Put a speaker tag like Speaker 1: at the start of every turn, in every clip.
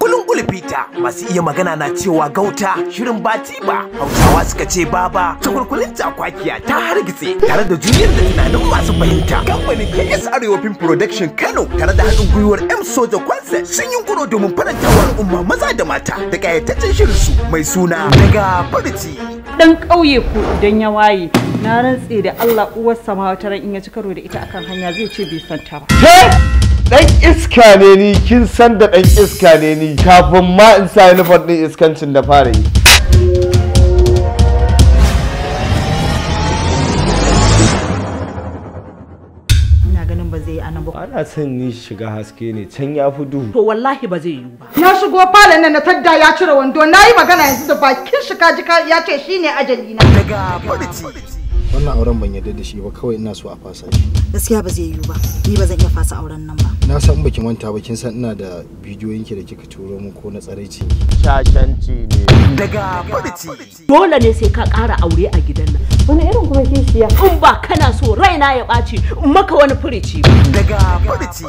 Speaker 1: kulungul fita masu iya magana na cewa gauta shirin bati ba hausawa suka ce baba takulkulin takwakiya ta hargitse tare da juriyar da tunanin masu fahimta kamfanin ks arewa production kano tare da haɗin gwiwar m soja concert sun yi kuro domin faranta wa al'umma maza da mata da ƙayataccen shirin su mai suna daga farci dan ƙauye ku idan ya waye na rantse da allah uwar samawa ta ran in ya ci karo da ita akan hanya zai ce bai santa ba dan iska ne ni kin san da dan iska ne ni kafin ma in sa uniform din iskancin da fara yi ana son ni shiga haske ne can ya fi duhu to wallahi ba zai yiwu ba ya shigo falon nan na tadda ya cire wando na yi magana yanzu da bakin shi jika ya ce shine ajali na daga wannan auren ban yarda da shi ba kawai ina so a fasa shi gaskiya ba zai yiwu ba ni ba zan iya fasa auren nan ba na san baki manta ba kin san ina da bidiyoyin ki da kika turo min ko na tsaraici shashanci ne daga polici dole ne sai ka kara aure a gidan nan wani irin kuma kishiya in ba kana so raina ya ɓaci in maka wani furici daga polici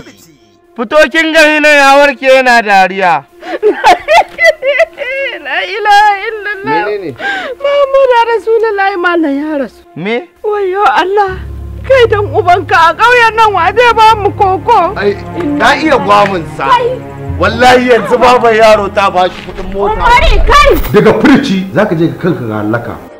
Speaker 1: fito kin gani nan ya warke yana dariya la ilaha illallah menene Muhammad Rasulullahi malam ya rasu. Me? Wayo Allah. Kai dan ubanka a ƙauyen nan wa zai ba mu koko. Ai, ta iya gwamin sa. Wallahi yanzu baba yaro ta ba shi kuɗin mota. Umari kai. Daga furci zaka je ka kanka ga halaka.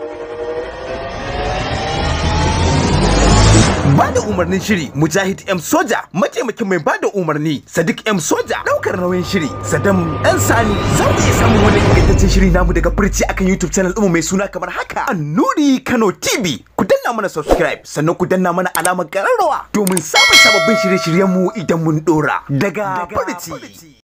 Speaker 1: ba da umarnin shiri mujahid m soja mataimakin mai ba da umarni sadiq m soja daukar nauyin shiri sadam dan sani za mu iya samun wani ingantaccen shiri namu daga furci akan youtube channel ɗinmu mai suna kamar haka annuri kano tv ku danna mana subscribe sannan ku danna mana alamar kararrawa domin samun sababbin shirye-shiryenmu idan mun dora daga furci